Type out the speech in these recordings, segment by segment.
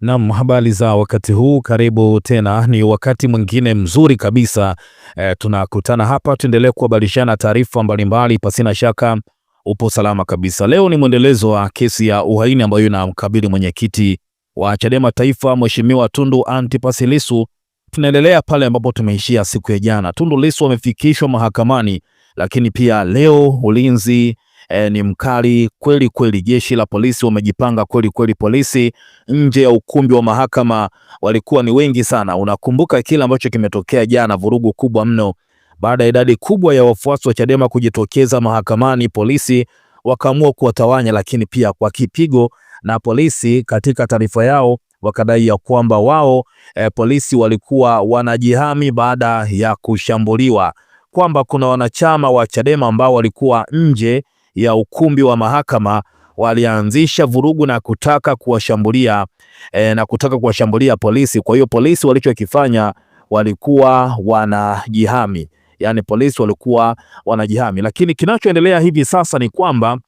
Nam, habari za wakati huu, karibu tena. Ni wakati mwingine mzuri kabisa e, tunakutana hapa tuendelee kubadilishana taarifa mbalimbali. Pasina shaka upo salama kabisa. Leo ni mwendelezo wa kesi ya uhaini ambayo inamkabili mwenyekiti wa Chadema Taifa, Mheshimiwa Tundu Antipas Lissu. Tunaendelea pale ambapo tumeishia siku ya jana. Tundu Lissu amefikishwa mahakamani, lakini pia leo ulinzi e, ni mkali kweli kweli. Jeshi la polisi wamejipanga kweli kweli. Polisi nje ya ukumbi wa mahakama walikuwa ni wengi sana. Unakumbuka kile ambacho kimetokea jana, vurugu kubwa mno, baada ya idadi kubwa ya wafuasi wa Chadema kujitokeza mahakamani, polisi wakaamua kuwatawanya, lakini pia kwa kipigo. Na polisi katika taarifa yao wakadai ya kwamba wao e, polisi walikuwa wanajihami baada ya kushambuliwa, kwamba kuna wanachama wa Chadema ambao walikuwa nje ya ukumbi wa mahakama walianzisha vurugu na kutaka kuwashambulia e, na kutaka kuwashambulia polisi. Kwa hiyo polisi walichokifanya walikuwa wanajihami, yani polisi walikuwa wanajihami, lakini kinachoendelea hivi sasa ni kwamba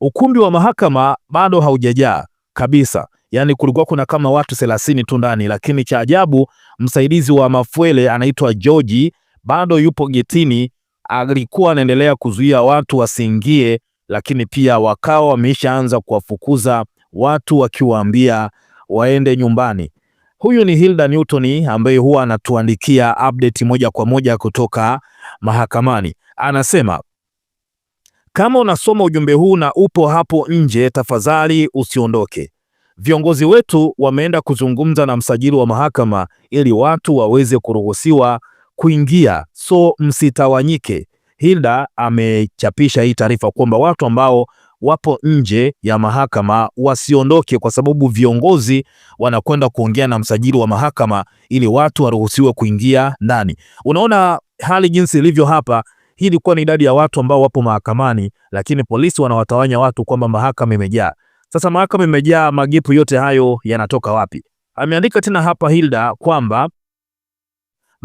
ukumbi wa mahakama bado haujajaa kabisa, yani kulikuwa kuna kama watu 30 tu ndani, lakini cha ajabu msaidizi wa Mafwele anaitwa George bado yupo getini alikuwa anaendelea kuzuia watu wasiingie, lakini pia wakawa wameishaanza kuwafukuza watu wakiwaambia waende nyumbani. Huyu ni Hilda Newton ambaye huwa anatuandikia update moja kwa moja kutoka mahakamani. Anasema kama unasoma ujumbe huu na upo hapo nje, tafadhali usiondoke. Viongozi wetu wameenda kuzungumza na msajili wa mahakama ili watu waweze kuruhusiwa kuingia, so msitawanyike. Hilda amechapisha hii taarifa kwamba watu ambao wapo nje ya mahakama wasiondoke, kwa sababu viongozi wanakwenda kuongea na msajili wa mahakama ili watu waruhusiwe kuingia ndani. Unaona hali jinsi ilivyo hapa. Hii ilikuwa ni idadi ya watu ambao wapo mahakamani, lakini polisi wanawatawanya watu kwamba mahakama imejaa. Sasa mahakama imejaa, magipu yote hayo yanatoka wapi? Ameandika tena hapa Hilda kwamba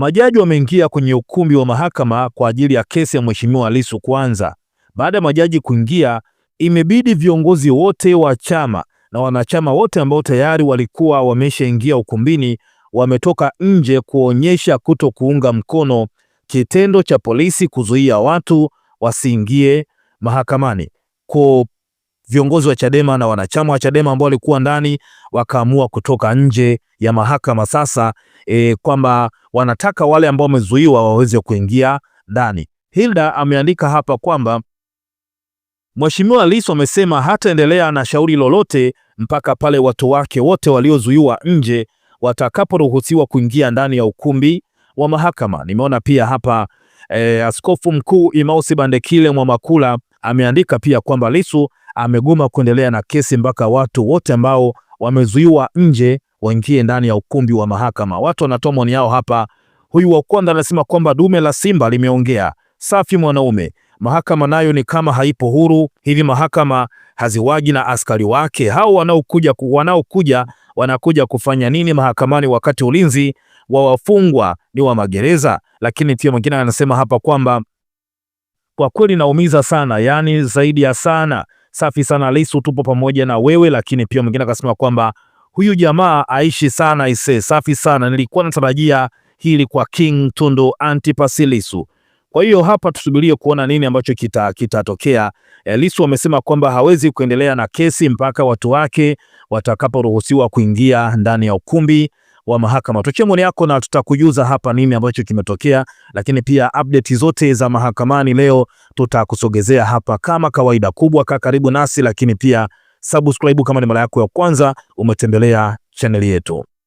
Majaji wameingia kwenye ukumbi wa mahakama kwa ajili ya kesi ya Mheshimiwa Lissu kwanza. Baada ya majaji kuingia, imebidi viongozi wote wa chama na wanachama wote ambao tayari walikuwa wameshaingia ukumbini wametoka nje kuonyesha kuto kuunga mkono kitendo cha polisi kuzuia watu wasiingie mahakamani. Kwa viongozi wa Chadema na wanachama wa Chadema ambao walikuwa ndani wakaamua kutoka nje ya mahakama sasa, e, kwamba wanataka wale ambao wamezuiwa waweze kuingia ndani. Hilda ameandika hapa kwamba Mheshimiwa Lissu amesema hataendelea na shauri lolote mpaka pale watu wake wote waliozuiwa nje watakaporuhusiwa kuingia ndani ya ukumbi wa mahakama. Nimeona pia hapa e, Askofu Mkuu Imausi Bandekile Mwamakula ameandika pia kwamba Lissu amegoma kuendelea na kesi mpaka watu wote ambao wamezuiwa nje waingie ndani ya ukumbi wa mahakama. Watu wanatoa maoni yao hapa. Huyu wa kwanza anasema kwamba dume la simba limeongea. Safi mwanaume, mahakama nayo ni kama haipo huru hivi. Mahakama haziwagi na askari wake? Hao wanaokuja wanaokuja wanakuja kufanya nini mahakamani wakati ulinzi wa wafungwa ni wa magereza? Lakini pia mwingine anasema hapa kwamba kwa kweli naumiza sana, yaani zaidi ya sana safi sana Lissu, tupo pamoja na wewe. Lakini pia mwingine akasema kwamba huyu jamaa aishi sana ise, safi sana, nilikuwa natarajia hili kwa King Tundu Antipas Lissu. Kwa hiyo hapa tusubirie kuona nini ambacho kitatokea. Kita eh, Lissu amesema kwamba hawezi kuendelea na kesi mpaka watu wake watakaporuhusiwa kuingia ndani ya ukumbi wa mahakama. Tuchie maoni yako na tutakujuza hapa nini ambacho kimetokea, lakini pia update zote za mahakamani leo tutakusogezea hapa kama kawaida. Kubwa ka karibu nasi, lakini pia subscribe kama ni mara yako ya kwanza umetembelea chaneli yetu.